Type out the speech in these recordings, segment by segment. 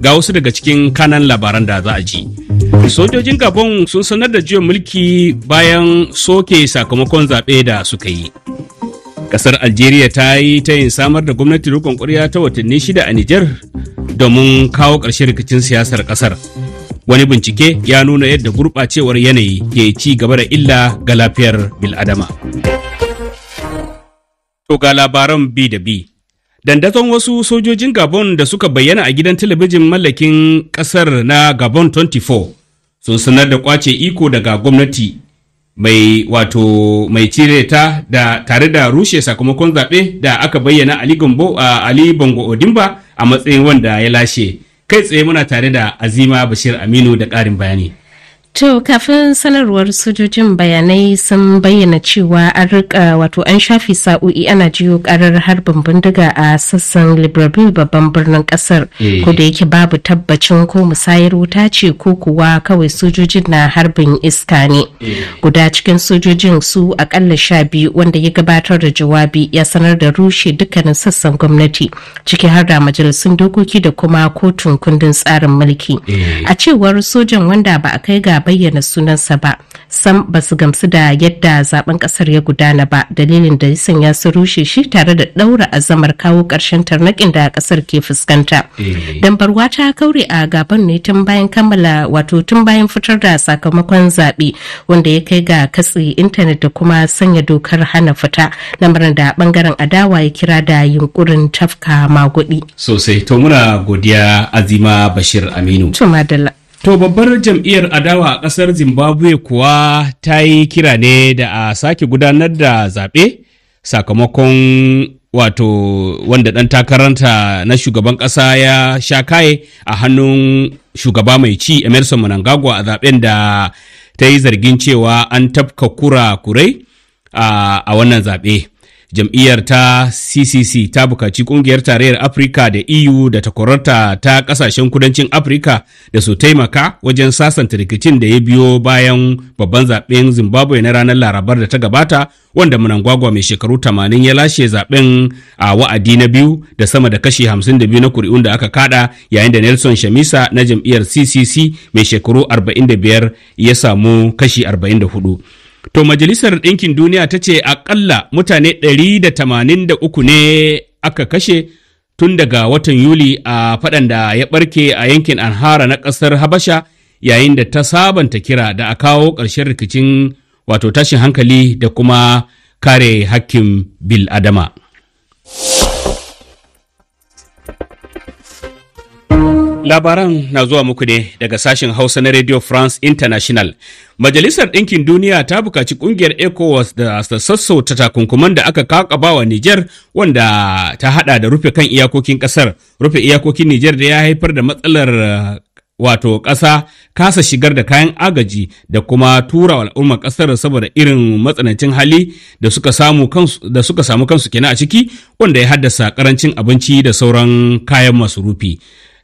ga wasu daga cikin kanan labaran da za a ji sojojin gabon sun sanar da juyin mulki bayan soke sakamakon zaɓe da suka yi kasar algeria ta yi ta yin samar da gwamnati rukun ƙwarya ta watanni shida a Nijar? domin kawo ƙarshen rikicin siyasar ƙasar wani bincike ya nuna yadda gurɓacewar yanayi ke ci gaba da illa ga lafiyar biladama to ga labaran bi da bi. Dandazon wasu sojojin Gabon da suka bayyana a gidan talabijin mallakin ƙasar na Gabon 24 sun sanar da kwace iko daga gwamnati mai wato mai cire ta da tare da rushe sakamakon zaɓe da aka bayyana Ali Gombo a Ali Bongo Odimba a matsayin wanda ya lashe. Kai tsaye muna tare da Azima Bashir Aminu da ƙarin bayani. To kafin sanarwar sojojin bayanai sun bayyana cewa an rika wato an shafi sa'o'i ana jiyo karar harbin bindiga a sassan Libreville babban birnin kasar eh. ko da yake babu tabbacin ko musayar wuta ce ko kuwa kawai sojojin na harbin iska ne. Eh. Guda cikin sojojin su akalla sha biyu wanda ya gabatar da jawabi ya sanar da rushe dukkanin sassan gwamnati ciki har da majalisun dokoki da kuma kotun kundin tsarin mulki. Eh. A cewar sojan wanda ba a kai ga bayyana sunansa ba sam ba su gamsu da yadda zaben kasar ya gudana ba dalilin da yasan ya su rushe shi tare da daura azamar kawo karshen tarnakin da kasar ke fuskanta eh. barwa ta kaure a gaban ne tun bayan kammala wato tun bayan fitar da sakamakon zaɓe wanda ya kai ga katse intanet da kuma sanya dokar hana fita lamarin da bangaren adawa ya kira da yunkurin tafka magudi sosai to muna godiya azima bashir aminu to To babbar jam'iyyar adawa a ƙasar Zimbabwe kuwa ta yi kira ne da a sake gudanar da zaɓe sakamakon wato wanda ɗan takaranta na shugaban ƙasa ya sha kaye a hannun shugaba mai ci Emerson Mnangagwa a zaɓen da ta yi zargin cewa an tafka kura kurai a wannan zaɓe. jam'iyyar ta ccc ta bukaci kungiyar tarayyar afirka da eu da takwarorta ta kasashen kudancin afirka da su taimaka wajen sasanta rikicin da ya biyo bayan babban zaben zimbabwe na ranar larabar da ta gabata wanda munangwagwa mai shekaru 80 ya lashe zaben a wa'adi na biyu da sama da kashi 52 na kuri'un da aka kada yayin da nelson shamisa na jam'iyyar ccc mai shekaru 45 ya samu kashi 44 To Majalisar Ɗinkin Duniya ta ce aƙalla mutane 183 ne aka kashe tun daga watan Yuli a faɗan da ya ɓarke a yankin Anhara na ƙasar Habasha yayin da ta sabanta kira da a kawo ƙarshen rikicin wato tashin hankali da kuma kare hakkin Bil'adama. adama. Labaran na zuwa muku ne daga sashen Hausa na Radio France International. Majalisar Ɗinkin Duniya ta bukaci ƙungiyar ECOWAS da sassauta takunkuman da aka wa Nijar wanda ta haɗa da rufe kan iyakokin ƙasar. Rufe iyakokin Nijar da ya haifar da matsalar wato ƙasa kasa shigar da kayan agaji da kuma tura al'ummar ƙasar saboda irin matsanancin hali da suka samu kansu da kenan a ciki wanda ya haddasa ƙarancin abinci da sauran kayan masurufi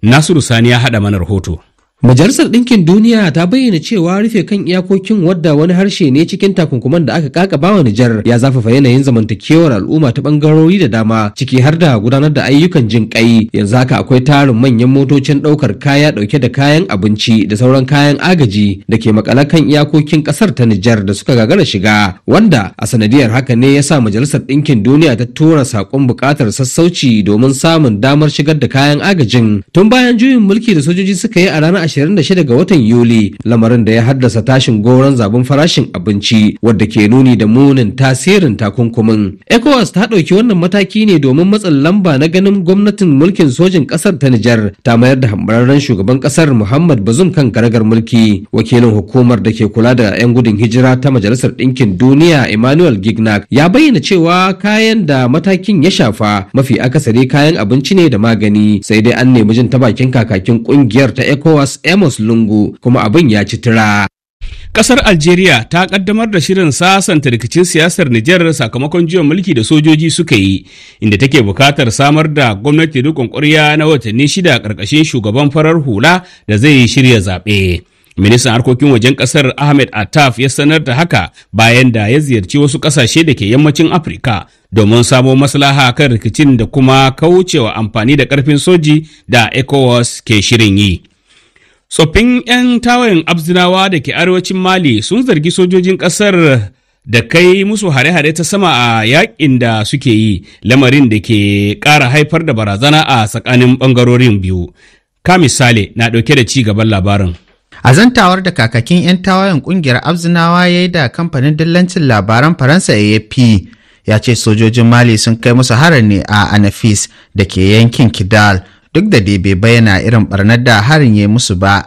Nasiru Sani ya haɗa mana rahoto. Majalisar Ɗinkin Duniya ta bayyana cewa rufe kan iyakokin wadda wani harshe ne cikin takunkuman da aka kakaba wa Nijar ya zafafa yanayin zamantakewar al'umma ta bangarori da dama ciki har da gudanar da ayyukan jin kai. Yanzu haka akwai tarin manyan motocin ɗaukar kaya ɗauke da kayan abinci da sauran kayan agaji da ke makala kan iyakokin ƙasar ta Nijar da suka gagara shiga wanda a sanadiyar haka ne ya sa Majalisar Ɗinkin Duniya ta tura saƙon buƙatar sassauci domin samun damar shigar da kayan agajin. Tun bayan juyin mulki da sojoji suka yi a ranar 26 ga watan Yuli lamarin da ya haddasa tashin goron zaben farashin abinci wadda ke nuni da munin tasirin takunkumin. ECOWAS ta ɗauki wannan mataki ne domin matsin lamba na ganin gwamnatin mulkin sojin ƙasar ta Nijar ta mayar da hambararren shugaban ƙasar Muhammad Bazum kan garagar mulki. Wakilin hukumar da ke kula da 'yan gudun hijira ta Majalisar Ɗinkin Duniya Emmanuel Gignac ya bayyana cewa kayan da matakin ya shafa mafi akasari kayan abinci ne da magani sai dai an nemi jin ta bakin kakakin ƙungiyar ta ECOWAS Amos Lungu kuma abin ya ci tura. Kasar Algeria ta kaddamar da shirin sasanta rikicin siyasar Nijar sakamakon jiyon mulki da sojoji suka yi, inda take bukatar samar da gwamnati rikon ƙwarya na watanni shida ƙarƙashin shugaban farar hula da zai shirya zaɓe. Ministan harkokin wajen ƙasar Ahmed Attaf ya sanar da haka bayan da ya ziyarci wasu ƙasashe da ke yammacin Afirka domin samo maslaha kan rikicin da kuma kaucewa amfani da ƙarfin soji da ECOWAS ke shirin yi. Tsoffin 'yan tawayen Abzinawa da ke arewacin Mali sun zargi sojojin ƙasar da kai musu hare-hare ta sama a yaƙin da suke yi lamarin da ke ƙara haifar da barazana a tsakanin ɓangarorin biyu. Ka misali na ɗauke da ci gaban labarin. A zantawar da kakakin 'yan tawayen ƙungiyar Abzinawa ya yi da kamfanin dillancin labaran Faransa AFP ya ce sojojin Mali sun kai musu harin ne a Anafis da ke yankin Kidal. duk da dai bai bayyana irin barnar da harin ya musu ba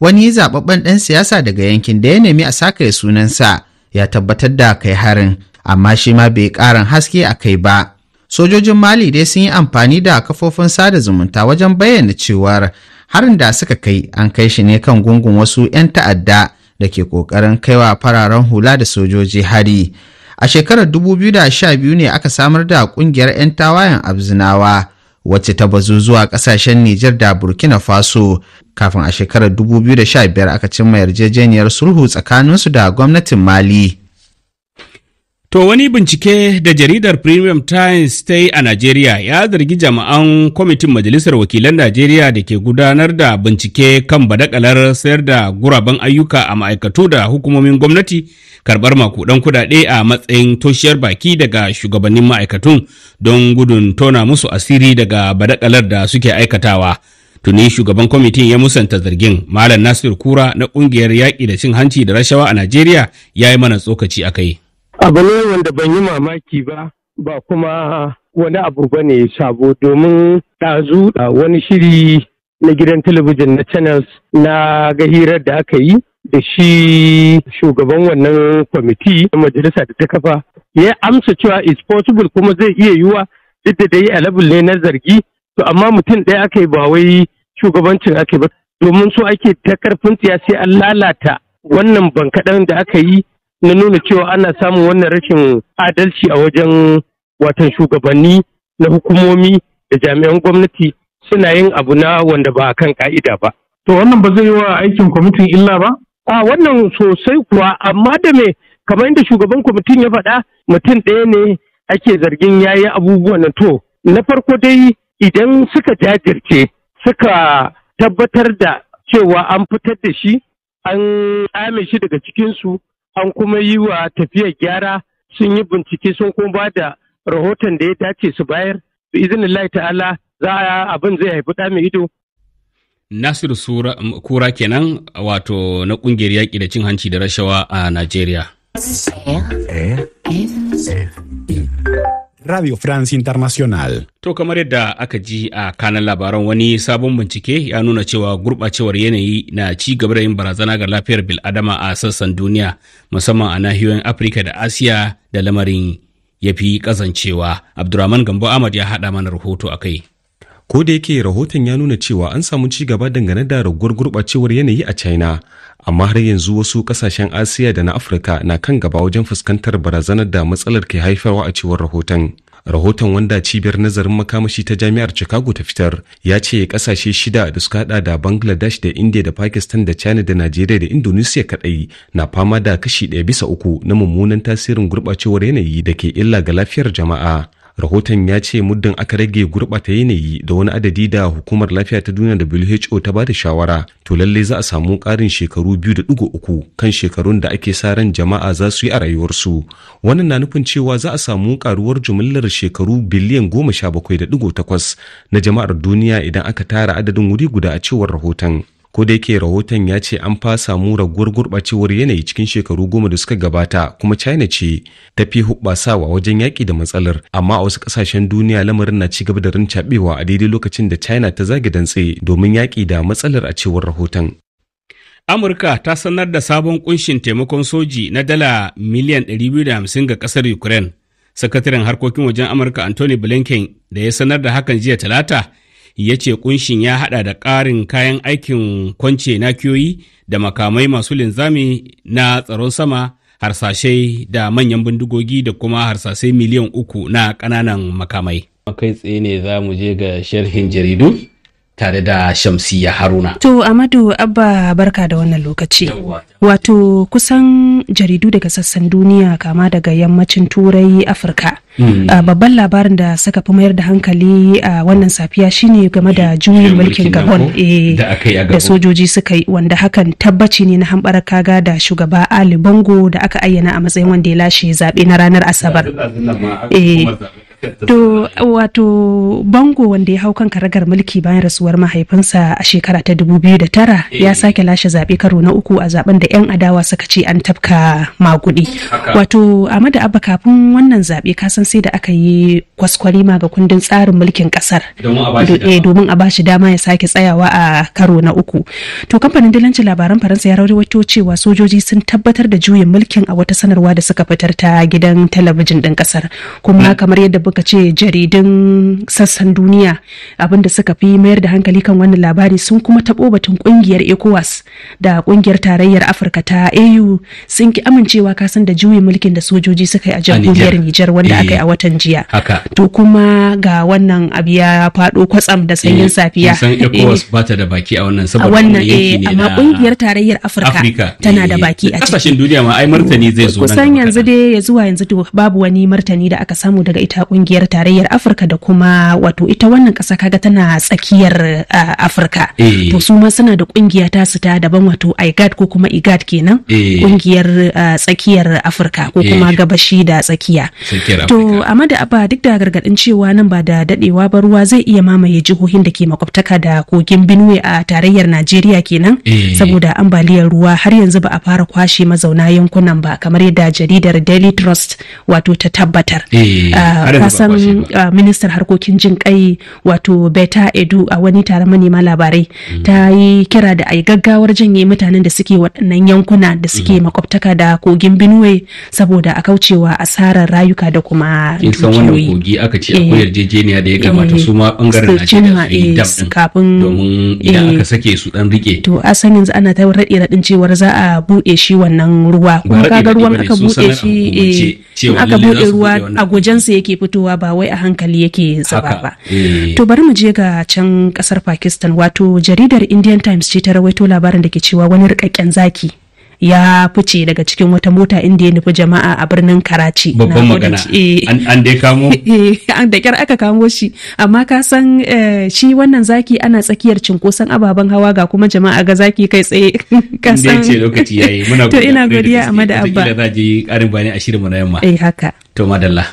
wani zababben ɗan siyasa daga yankin da ya nemi a saka ya sunansa ya tabbatar da kai harin amma shi ma bai ƙarin haske a kai ba sojojin mali dai sun yi amfani da kafofin sada zumunta wajen bayyana cewar harin da suka kai an kai shi ne kan gungun wasu 'yan ta'adda da ke kokarin kaiwa fararen hula da sojoji hari a shekarar 2012 ne aka samar da ƙungiyar 'yan tawayen abzinawa wacce ta bazu zuwa kasashen Nijar da Burkina Faso kafin a shekarar 2015 aka cimma yarjejeniyar sulhu tsakaninsu da gwamnatin Mali. To wani bincike da jaridar Premium Times ta yi a Najeriya ya zargi jama'an kwamitin Majalisar Wakilan Najeriya da ke gudanar da bincike kan badakalar sayar da guraben ayyuka a ma'aikatu da hukumomin gwamnati karɓar makudan kudade a matsayin toshiyar baki daga shugabannin ma'aikatun don gudun tona musu asiri daga badakalar da suke aikatawa. Tuni shugaban kwamitin ya musanta zargin Malam Nasir Kura na ƙungiyar yaƙi da cin hanci da rashawa a Najeriya ya yi mana tsokaci a kai. abu ne wanda ban yi mamaki ba ba kuma wani abu ba ne sabo domin ɗazu wani shiri na gidan talabijin na channels na gahirar da aka yi da shi shugaban wannan kwamiti na majalisa da ta kafa ya amsa cewa is possible kuma zai iya yiwa duk da dai alabul ne na zargi to amma mutum ɗaya aka yi ba wai shugabancin aka yi ba domin so ake ta karfin siyasi an lalata wannan bankaɗen da aka yi na nuna cewa ana samun wannan rashin adalci a wajen watan shugabanni na hukumomi da jami'an gwamnati suna yin abu na wanda ba kan ka'ida ba. To wannan ba zai yi wa aikin kwamitin illa ba? A wannan sosai kuwa amma da me kamar yadda shugaban kwamitin ya faɗa mutum ɗaya ne ake zargin ya yi abubuwan to na farko dai idan suka jajirce suka tabbatar da cewa an fitar da shi an ame shi daga cikinsu an kuma yi wa tafiyar gyara sun yi bincike sun kuma ba da rahoton da ya dace su bayar bi izinin ta'ala za a abin zai haifi ɗa mai ido Nasiru Kura kenan wato na kungiyar yaƙi da cin hanci da rashawa a Najeriya. Radio France International. To kamar yadda aka ji a kanan labaran wani sabon bincike ya nuna cewa gurɓacewar yanayi na ci gaba da yin barazana ga lafiyar bil'adama a sassan duniya musamman a nahiyoyin Afirka da Asiya da lamarin ya fi kazancewa. Abdurrahman Gambo Ahmad ya haɗa mana rahoto a kai. Ko da yake rahoton ya nuna cewa an samu ci gaba dangane da raguwar gurɓacewar yanayi a China amma har yanzu wasu kasashen asiya da na afirka na kan gaba wajen fuskantar barazanar da matsalar ke haifarwa a cewar rahoton rahoton wanda cibiyar nazarin makamashi ta jami'ar chicago ta fitar ya ce kasashe shida da suka hada da bangladesh da india da pakistan da china da najeriya da indonesia kadai na fama da kashi ɗaya bisa uku na mummunan tasirin gurɓacewar yanayi da ke illa ga lafiyar jama'a rahoton ya ce muddin aka rage gurɓata yanayi da wani adadi da hukumar lafiya ta duniya da who ta bada shawara to lallai za a samu ƙarin shekaru biyu da ɗigo uku kan shekarun da ake sa ran jama'a za su yi a rayuwarsu wannan na nufin cewa za a samu karuwar jumlar shekaru biliyan goma sha bakwai da ɗigo takwas na jama'ar duniya idan aka tara adadin wuri guda a cewar rahoton ko da yake rahoton ya ce an fa samu raguwar gurɓacewar yanayi cikin shekaru goma da suka gabata kuma china ce ta fi hubbasawa wajen yaƙi da matsalar amma a wasu ƙasashen duniya lamarin na ci gaba da rincaɓewa a daidai lokacin da china ta zage dantse domin yaƙi da matsalar a cewar rahoton amurka ta sanar da sabon kunshin taimakon soji na dala miliyan 250 ga ƙasar ukraine sakataren harkokin wajen amurka anthony blinken da ya sanar da hakan jiya talata ya ce kunshin ya hada da ƙarin kayan aikin kwance na kiyoyi da makamai masu linzami na tsaron sama harsashe da manyan bindigogi da kuma harsashe miliyan uku na ƙananan makamai. kai tsaye ne za mu je ga sharhin jaridu tare da Shamsiyya Haruna. To Amadu Abba barka da wannan lokaci. Wato kusan jaridu daga sassan duniya kama daga yammacin Turai Afirka. Hmm. babban labarin da suka fi mayar da hankali a wannan safiya shine game da juyin mulkin gabon eh, da sojoji suka yi wanda hakan tabbaci ne na hambar kaga da shugaba ali bongo da aka ayyana a matsayin wanda ya lashe zaɓe na ranar asabar eh, to wato bango wanda ya hau kan karagar mulki bayan rasuwar mahaifinsa a shekara ta 2009 ya eh. sake lashe zaɓe karo na uku a zaben da 'yan adawa suka ce an tafka maguɗi. wato Amadu abba kafin wannan zaɓe kasan sai da aka yi kwaskwari ma ga kundin tsarin mulkin ƙasar domin a bashi eh, dama ya sake tsayawa a karo na uku to kamfanin dilancin labaran faransa ya rawaito cewa sojoji sun tabbatar da juyin mulkin a wata sanarwa da suka fitar ta gidan talabijin ɗin ƙasar kuma hmm. kamar yadda buka ce jaridun sassan duniya abinda suka fi mayar da hankali kan wannan labari sun kuma taɓo batun ƙungiyar ecowas da ƙungiyar tarayyar afirka ta au sun ki amincewa kasan da juyin mulkin da sojoji suka yi a jamhuriyar nijar wanda aka yi a eh, watan jiya to kuma ga wannan abu ya faɗo kwatsam da sanyin eh, safiya san ecowas eh, ba ta da baki a wannan saboda wannan yanki ne amma ƙungiyar tarayyar afirka tana da baki a cikin duniya ma ai martani zai zo kusan yanzu dai ya zuwa yanzu to babu wani martani da aka samu daga ita kungiyar tarayyar afirka da kuma wato ita wannan kasa kaga tana tsakiyar eh, afirka eh. to su ma suna da kungiya ta su ta daban wato igad ko kuma igad kenan eh. kungiyar tsakiyar afirka ko kuma gabashi da tsakiya to amma da ba duk da gargadin cewa nan ba da dadewa ba ruwa zai iya mamaye jihohin da ke makwabtaka da kogin benue a tarayyar najeriya kenan saboda ambaliyar ruwa har yanzu ba a fara kwashe mazauna yankunan ba kamar yadda jaridar daily trust wato ta tabbatar ah, ka san uh, ministan harkokin jin kai wato beta edu a wani taron manema labarai mm. ta yi kira da ai gaggawar janye mutanen da suke waɗannan yankuna da suke mm-hmm. makwabtaka da kogin binuwe saboda a kaucewa asarar rayuka da kuma dukiyoyi. san wannan kogi aka ce akwai eh. yarjejeniya da ya kamata eh. su ma bangaren Najeriya su yi dam kafin domin idan eh. aka sake su dan rike. To a san yanzu ana ta raɗe raɗin cewar za a buɗe shi wannan ruwa. Kuma kaga ruwan aka buɗe shi. aka buɗe ruwa a gujensa yake fitowa ba wai a hankali yake zaba ba eh. to bari mu je ga can kasar pakistan wato jaridar indian times ce ta rawaito labarin da ke cewa wani rikakken zaki ya fice daga cikin wata mota inda ya nufi jama'a a birnin Karachi. Babban magana. Eh. An dai kamo? Eh, da kyar aka kamo shi. Amma ka san eh, shi wannan zaki ana tsakiyar cinkoson ababen hawa ga kuma jama'a ga zaki kai tsaye. Ka san. ce lokaci yayi. Muna To ina godiya amma da abba. Wataƙila za je ƙarin bani a shirin mu na yamma. Eh haka. To madalla.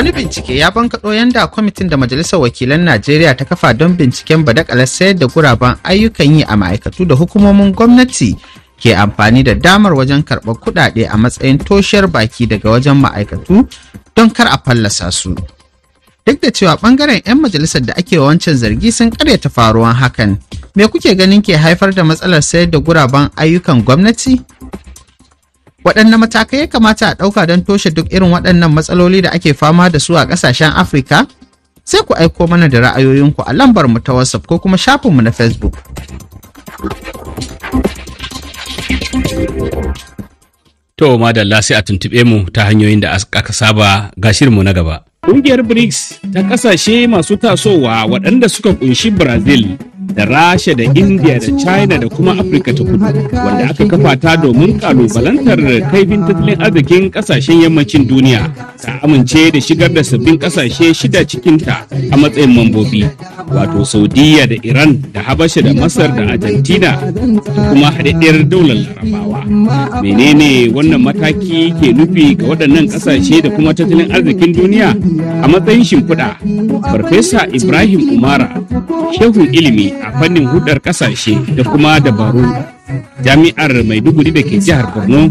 Wani bincike ya bankaɗo yanda kwamitin da Majalisar Wakilan Najeriya ta kafa don binciken badakalar sayar da guraben ayyukan yi a ma'aikatu da hukumomin gwamnati ke amfani da damar wajen karɓar kuɗaɗe a matsayin toshiyar baki daga wajen ma'aikatu don kar a fallasa su. Duk da cewa ɓangaren 'yan majalisar da ake wancan zargi sun ta faruwan hakan, me kuke ganin ke haifar da matsalar sayar da guraben ayyukan gwamnati? waɗanne matakai ya kamata a ɗauka don toshe duk irin waɗannan matsaloli da ake fama da su a ƙasashen afirka sai ku aiko mana da ra'ayoyinku a lambar mu ta whatsapp ko kuma shafinmu na facebook To madalla sai a tuntuɓe mu ta hanyoyin da aka saba ga na gaba. Ƙungiyar BRICS ta ƙasashe masu tasowa waɗanda suka ƙunshi Brazil, da rasha da india da china da kuma afirka ta kudu wanda aka kafa ta domin kalubalantar kaifin tattalin arzikin kasashen yammacin duniya ta amince da shigar da sabbin kasashe shida cikinta a matsayin mambobi wato saudiya da iran da habasha da masar da argentina da kuma haɗaɗɗiyar daular larabawa menene wannan mataki ke nufi ga waɗannan kasashe da kuma tattalin arzikin duniya a matsayin shimfiɗa farfesa ibrahim umara shehun ilimi a fannin hudar ƙasashe da kuma dabaru jami'ar maiduguri da ke jihar borno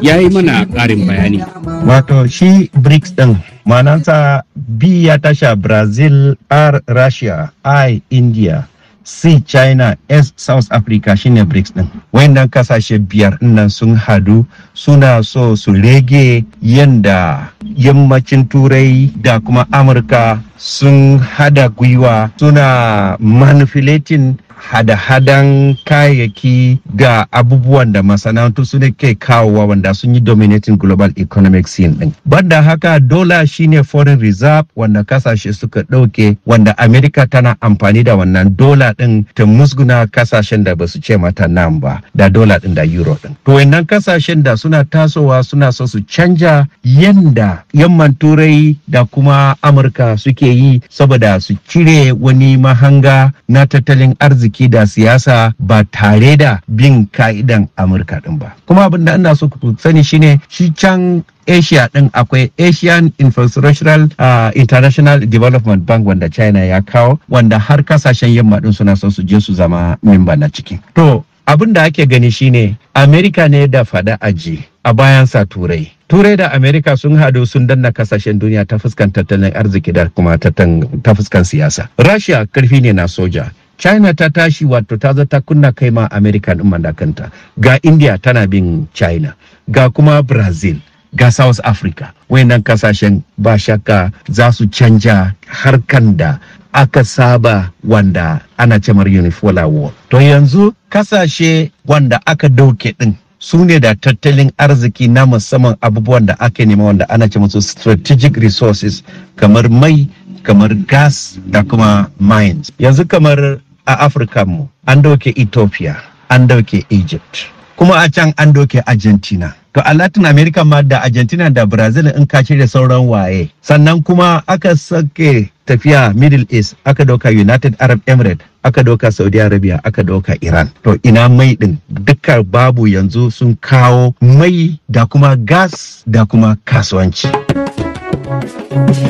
ya yi mana ƙarin bayani wato shi brics din manansa b ya tasha brazil r russia i india C China, S South Africa shine BRICS din. Wayannan kasashe biyar nan sun hadu suna so su rage yanda yammacin Turai da kuma Amurka sun hada gwiwa suna manipulating hada-hadan kayayyaki ga abubuwan da masana'antu su ne ke kawowa wanda sun yi dominating global economic scene din. Banda haka dola shine foreign reserve wanda kasashe suka ɗauke wanda Amerika tana amfani da wannan dola din ta musguna kasashen da basu ce mata nan ba da dola din da euro din. To wannan kasashen da suna tasowa suna so su canja yanda yamman turai da kuma Amurka suke yi saboda su cire wani mahanga na tattalin arziki harkoki da siyasa ba tare da bin ka'idan amurka din ba kuma abin da ana so ku sani shine shi can asia din akwai asian infrastructural uh, international development bank wanda china ya kawo wanda har kasashen yamma din suna son su je su zama memba na ciki to abin da ake gani shine amerika ne da fada aji a bayan sa turai turai da amerika sun hadu sun danna kasashen duniya ta fuskan tattalin arziki da kuma ta fuskan siyasa rasha karfi ne na soja china ta tashi wato ta zo ta kunna kai ma america din mandakanta ga india tana bin china ga kuma brazil ga south africa wayannan kasashen ba shakka za su canja harkan da aka saba wanda ana cemar unifola war to yanzu kasashe wanda aka dauke din su ne da tattalin arziki na musamman abubuwan da ake nema wanda ana ce musu strategic resources kamar mai kamar gas da kuma mines yanzu kamar a afirka mu an dauke ethiopia an dauke egypt kuma a can an dauke argentina to a latin america ma da argentina da brazil in ka cire sauran waye sannan kuma aka sake tafiya middle east aka dauka united arab emirates aka dauka saudi arabia aka dauka iran to ina mai din duka babu yanzu sun kawo mai da kuma gas da kuma kasuwanci.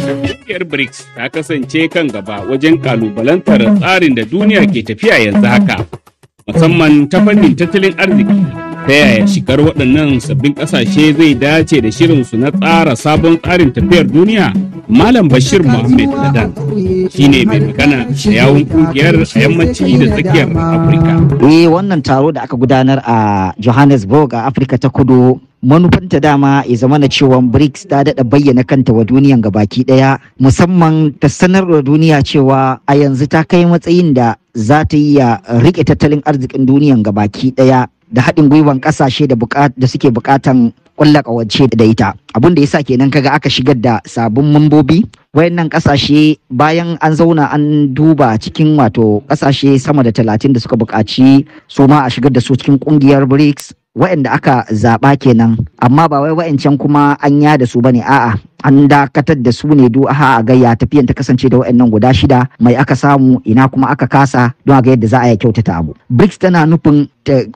Jam'iyyar BRICS ta kasance kan gaba wajen kalubalantar tsarin da duniya ke tafiya yanzu haka. musamman ta fannin tattalin arziki ta yaya shigar waɗannan sabbin ƙasashe zai dace da shirinsu na tsara sabon tsarin tafiyar duniya malam bashir muhammad ladan shine mai magana da yawun kungiyar a yammaci da tsakiyar afirka eh wannan taro da aka gudanar a johannesburg a afirka ta kudu manufanta dama ya zama na cewa BRICS ta daɗa bayyana kanta wa duniyan gabaki ɗaya musamman ta sanar da duniya cewa a yanzu ta kai matsayin da za ta yi iya rike tattalin arzikin duniyan baki daya da haɗin gwiwan ƙasashe da suke buƙatan ƙulla ƙawance da ita abin da yasa kenan kaga aka shigar da sabbin mambobi wayannan ƙasashe bayan an zauna an duba cikin wato ƙasashe sama da talatin da suka buƙaci su ma a shigar da su cikin ƙungiyar brics wayanda aka zaɓa kenan amma ba wai wayancan kuma an ya da su bane a'a an dakatar da su ne do a gayya tafiyan ta kasance da wa'annan guda shida mai aka samu ina kuma aka kasa don a ga yadda za a yi kyautata abu BRICS tana nufin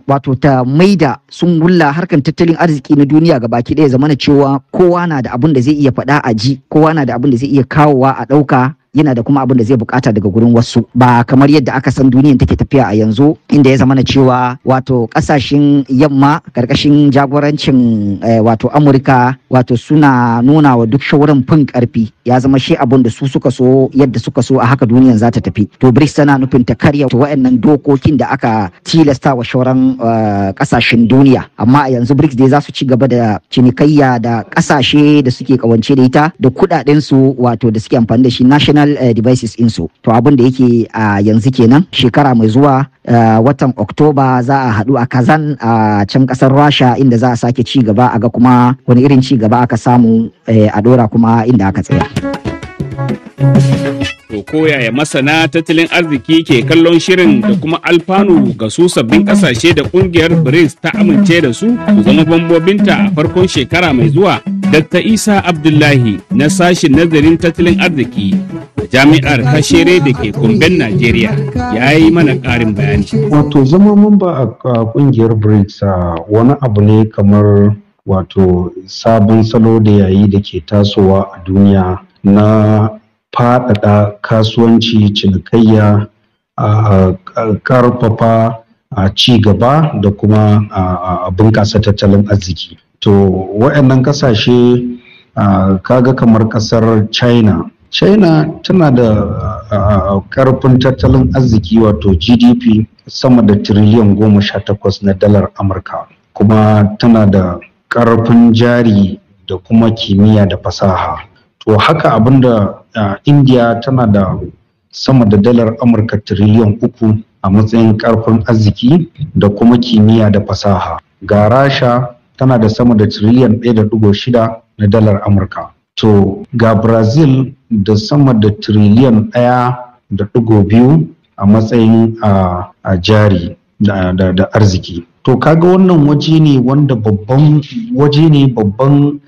wato ta maida sun gulla harkan tattalin arziki na duniya ga baki ɗaya zamana cewa kowa na da abin da zai iya faɗa a ji kowa na da abin da zai iya kawowa a ɗauka yana da kuma abin da zai bukata daga gurin wasu ba kamar yadda aka san duniyan take tafiya a yanzu inda ya zama na cewa wato kasashen yamma karkashin jagorancin eh, wato amurka wato suna nuna wa duk shauran fin karfi ya zama shi abin da su suka so yadda suka so a haka duniyan za ta tafi to brics tana nufin ta karya waɗannan dokokin da aka tilasta wa shauran eh, kasashen duniya amma a yanzu brics dai za su ci gaba da cinikayya da kasashe da suke kawance da ita da kuɗaɗensu su wato da suke amfani da shi national personal uh, eh, devices insu to abin da yake a yanzu kenan shekara mai zuwa eh, watan oktoba za a hadu a kazan a can ƙasar rasha inda za a sake ci gaba a ga kuma wani irin ci gaba aka samu eh, a dora kuma inda aka tsaya To koyaya masana tattalin arziki ke kallon shirin da kuma alfanu ga su sabbin kasashe da kungiyar BRICS ta amince da su su zama bambobinta a farkon shekara mai zuwa. Dr. Isa Abdullahi na sashen nazarin tattalin arziki a jami'ar Hashere da ke Kumben Najeriya ya yi mana ƙarin bayani. Wato zama mamba a ƙungiyar BRICS wani abu ne kamar wato sabon salo da yayi da ke tasowa a duniya na faɗaɗa kasuwanci cinikayya a ƙarfafa a ci gaba da kuma a bunƙasa tattalin arziki to waɗannan ƙasashe kaga kamar ƙasar china china tana da ƙarfin tattalin arziki wato gdp sama da tiriliyan goma sha takwas na dalar amurka kuma tana da ƙarfin jari da kuma kimiyya da fasaha to haka abinda a india tana da sama da dalar amurka tiriliyan uku a matsayin ƙarfin arziki da kuma kimiyya da fasaha ga rasha tana da sama da triliyan 1.6 na dalar amurka to ga brazil da sama da triliyan 1.2 a matsayin a jari da arziki to kaga wannan waje ne wanda babban waje ne babban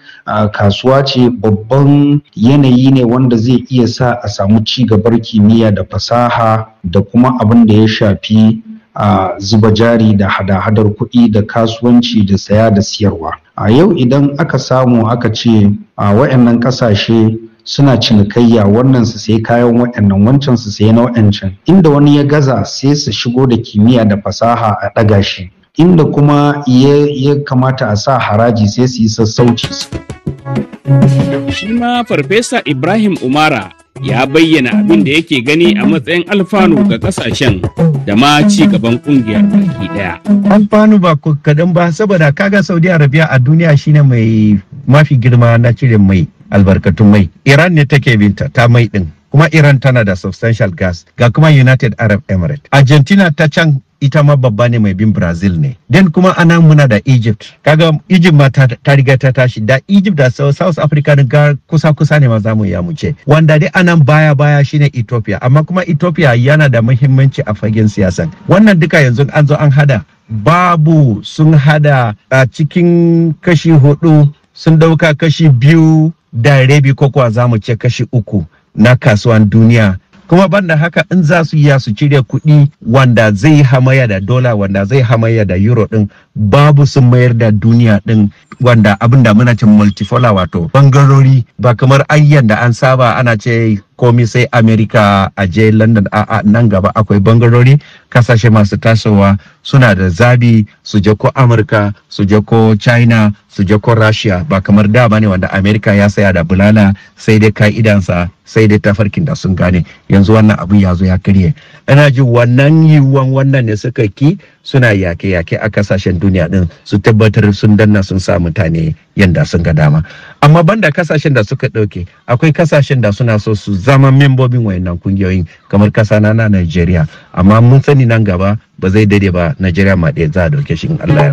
kasuwa ce babban yanayi ne wanda zai iya sa a samu ci gabar kimiyya da fasaha da kuma abin da ya shafi a zuba jari da hada-hadar kuɗi da kasuwanci da saya da siyarwa a yau idan aka samu aka ce a wa'annan ƙasashe suna cinikayya wannan su sai kayan wa'annan wancan su sai na wa'ancan. inda wani ya gaza sai su shigo da kimiyya da fasaha a ɗaga shi inda kuma ya kamata a sa haraji sai su yi sassauci shi ma farfesa ibrahim umara ya bayyana abin da yake gani a matsayin alfanu ga kasashen da ma ci gaban kungiyar baki daya. Alfanu ba kadan ba saboda kaga Saudi Arabia a duniya shine mai mafi girma na cire mai albarkatun mai. Iran ne take binta ta mai ɗin kuma Iran tana da substantial gas ga kuma United Arab Emirates. Argentina ta can ita ma babba ne mai bin brazil ne den kuma ana muna da egypt kaga egypt ma ta, riga ta tashi da egypt da south africa ga kusa kusa ne ma za mu ya mu ce wanda dai anan baya baya shine ethiopia amma kuma ethiopia yana da muhimmanci a fagen siyasa. wannan duka yanzu an zo an hada babu sun hada a cikin kashi hudu sun dauka kashi biyu da rabi ko kuwa za mu ce kashi uku na kasuwan duniya kuma banda haka in za su iya su cire kuɗi wanda zai hamaya da dola wanda zai hamaya da euro ɗin babu sun mayar da duniya ɗin wanda abinda muna cin multifola wato bangarori ba kamar ayyan da an saba ana ce komi sai Amerika a je london a nan gaba akwai bangarori kasashe masu tasowa suna da zabi su je ko amurka su je ko china su je ko russia ba kamar da ba ne wanda Amerika ya saya da bulala sai dai ka'idansa sai dai tafarkin da sun gane yanzu wannan abin ya zo ya karye ina ji wannan yiwuwan wannan ne suka ki suna yake-yake a kasashen duniya ɗin su tabbatar sun danna sun sa mutane yanda sun ga dama amma banda kasashen da suka ɗauke akwai kasashen da suna so su zama membobin wayannan kungiyoyin kamar kasa na na Najeriya amma mun sani nan gaba ba zai dade ba Najeriya ma ɗaya za a ɗauke shi in Allah ya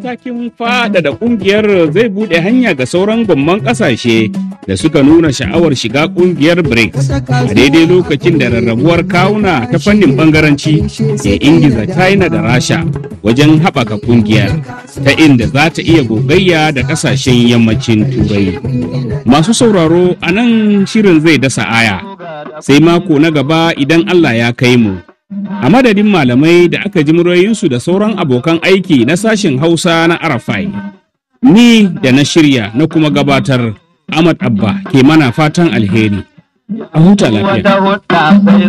matakin faɗaɗa ƙungiyar zai buɗe hanya ga sauran gomman ƙasashe da suka nuna sha'awar shiga ƙungiyar BRICS a daidai lokacin da rarrabuwar kawuna ta fannin bangaranci ke ingiza China da Rasha wajen haɓaka ƙungiyar ta inda za ta iya gogayya da ƙasashen yammacin Turai. Masu sauraro a nan shirin zai dasa aya sai mako na gaba idan Allah ya kai mu. A madadin malamai da aka ji murayinsu da sauran abokan aiki na sashen Hausa na Arafai, ni da na shirya na kuma gabatar Ahmad Abba ke mana fatan alheri. A huta lafiya.